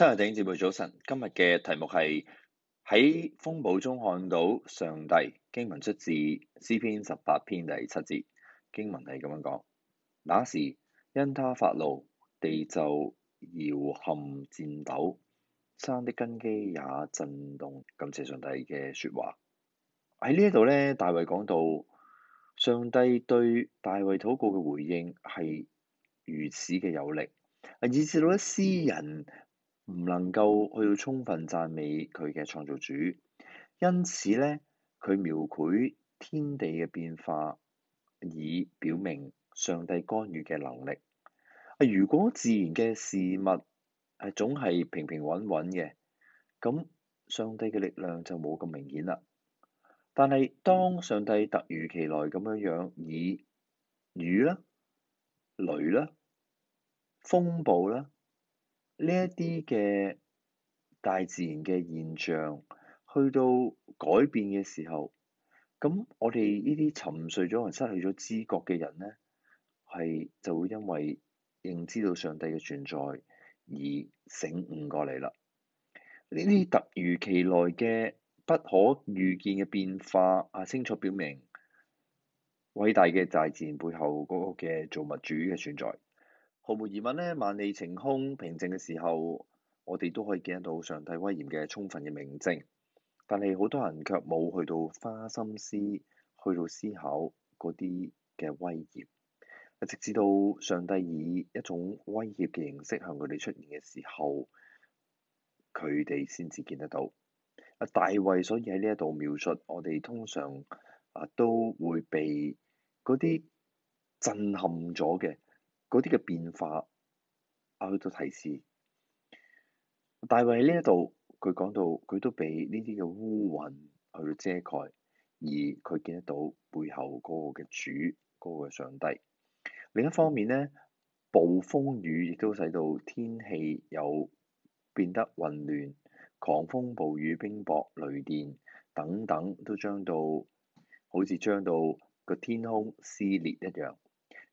早晨，今日嘅題目係喺風暴中看到上帝經文出自詩篇十八篇第七節，經文係咁樣講：那時因他發怒，地就搖撼顫抖，山的根基也震動。感謝上帝嘅說話。喺呢度咧，大衛講到上帝對大衛禱告嘅回應係如此嘅有力，以至到咧詩人。唔能夠去到充分讚美佢嘅創造主，因此咧，佢描繪天地嘅變化，以表明上帝干預嘅能力。啊，如果自然嘅事物係總係平平穩穩嘅，咁上帝嘅力量就冇咁明顯啦。但係當上帝突如其來咁樣樣，以雨啦、雷啦、風暴啦。呢一啲嘅大自然嘅現象，去到改變嘅時候，咁我哋呢啲沉睡咗或失去咗知覺嘅人咧，係就會因為認知道上帝嘅存在而醒悟過嚟啦。呢啲突如其來嘅不可預見嘅變化，啊，清楚表明偉大嘅大自然背後嗰個嘅造物主嘅存在。毫無疑問咧，萬里晴空平靜嘅時候，我哋都可以見得到上帝威嚴嘅充分嘅明證。但係好多人卻冇去到花心思去到思考嗰啲嘅威嚴。啊，直至到上帝以一種威脅嘅形式向佢哋出現嘅時候，佢哋先至見得到。啊，大衛所以喺呢一度描述，我哋通常啊都會被嗰啲震撼咗嘅。嗰啲嘅變化啊，去到提示，大衛呢一度佢講到佢都俾呢啲嘅烏雲去到遮蓋，而佢見得到背後嗰個嘅主嗰個上帝。另一方面咧，暴風雨亦都使到天氣有變得混亂，狂風暴雨、冰雹、雷電等等都將到好似將到個天空撕裂一樣。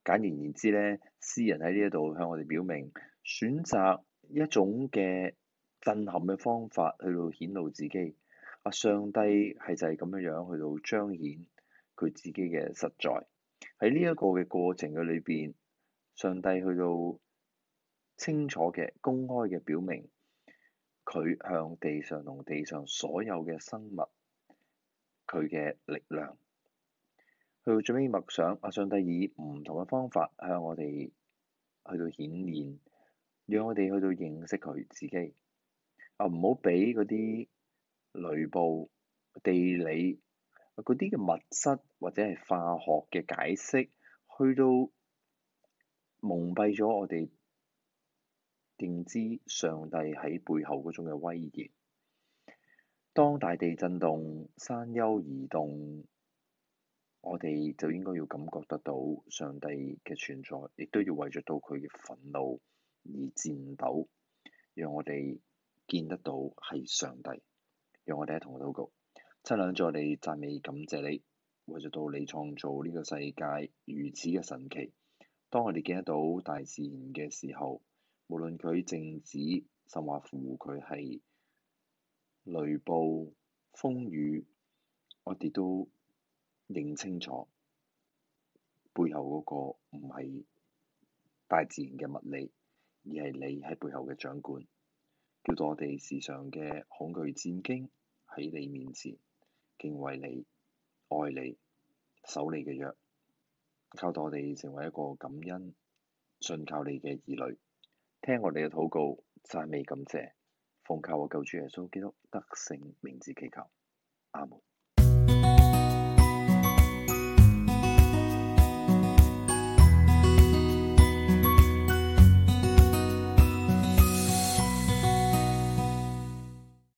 簡而言之咧，詩人喺呢一度向我哋表明，選擇一種嘅震撼嘅方法去到顯露自己。啊，上帝係就係咁樣樣去到彰顯佢自己嘅實在。喺呢一個嘅過程嘅裏邊，上帝去到清楚嘅公開嘅表明，佢向地上同地上所有嘅生物佢嘅力量。佢到最尾默想，啊！上帝以唔同嘅方法向我哋去到顯現，讓我哋去到認識佢自己。啊！唔好俾嗰啲雷暴、地理嗰啲嘅物質或者係化學嘅解釋，去到蒙蔽咗我哋，定知上帝喺背後嗰種嘅威嚴。當大地震動，山丘移動。我哋就應該要感覺得到上帝嘅存在，亦都要為著到佢嘅憤怒而戰鬥，讓我哋見得到係上帝。讓我哋一同禱告，七兩座，我哋讚美感謝你，為著到你創造呢個世界如此嘅神奇。當我哋見得到大自然嘅時候，無論佢靜止，甚或乎佢係雷暴、風雨，我哋都。認清楚背後嗰個唔係大自然嘅物理，而係你喺背後嘅掌管，叫到我哋時常嘅恐懼戰驚喺你面前，敬畏你、愛你、守你嘅約，靠到我哋成為一個感恩、信靠你嘅兒女，聽我哋嘅禱告、讚美感謝，奉靠我救主耶穌基督得勝名字祈求，阿門。